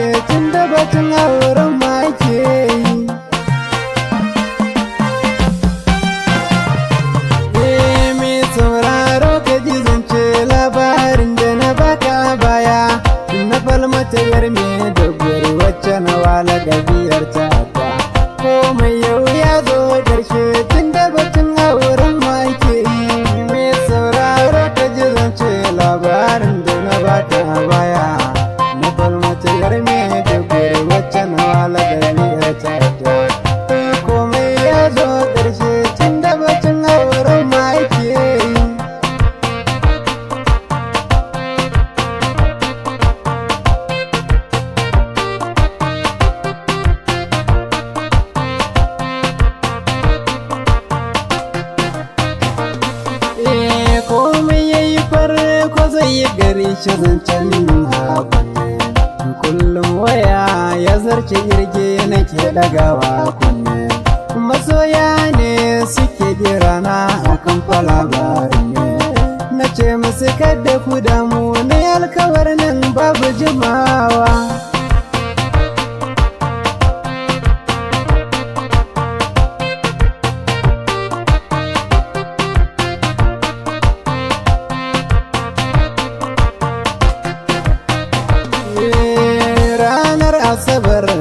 it tsayar mai dogare waccan wala da miyar tarda komai ya zo ƙarshe tun da bacin auren ma ake eh, Komai ya yi fara ko zai yi gari shi zancen kirge nake dagawa kunne masoya ne suke birana akan falabarin ne na ce musu kada ku damu na alkawar nan babu jimawa eh, asabar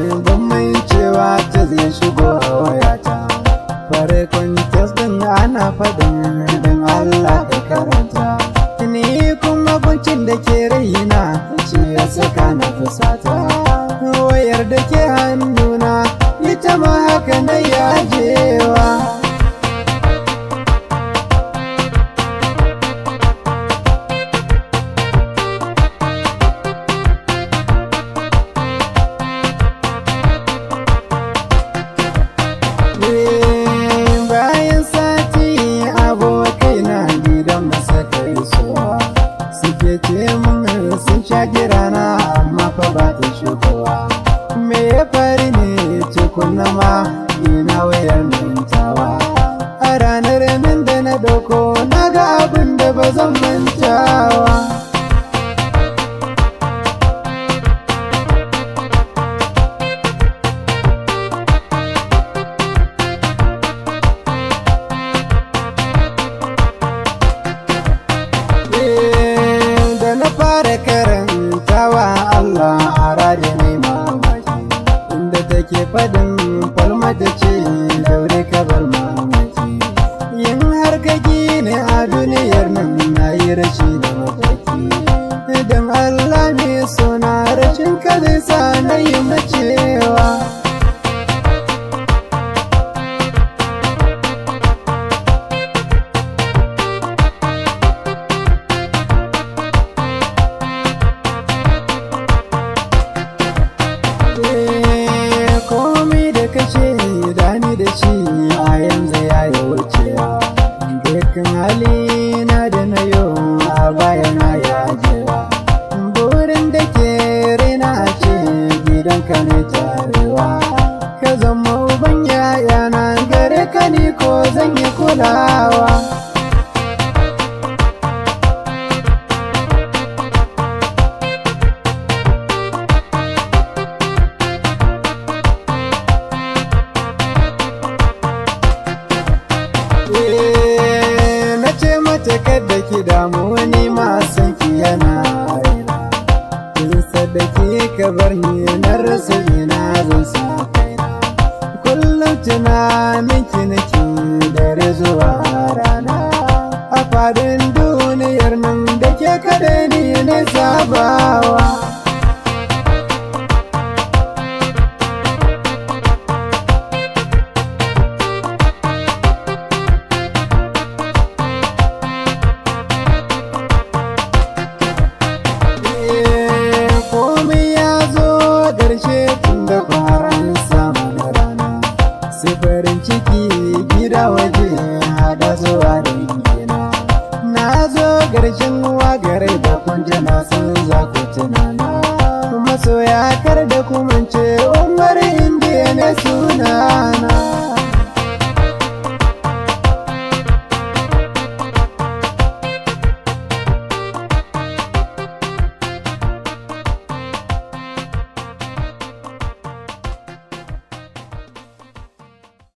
kunama ina wayar mintawa a ranar min da na dauko na ga abin da ba zan ke fadin kwalma ta ce daure ka bar mamaki yin har ne a duniyar nan na yi rashi da mafaki idan Allah mai sona rashin ka so zan yi kulawa eh, kada ki damu wani masan ki yana raina kin sadaki ka bar ni na rasa ina zan sa kullum tunanin ki da zuwa rana a fadin duniyar nan da ke kaɗai ni na sabawa eh, farin ciki gida waje da kumance umar inda na sunana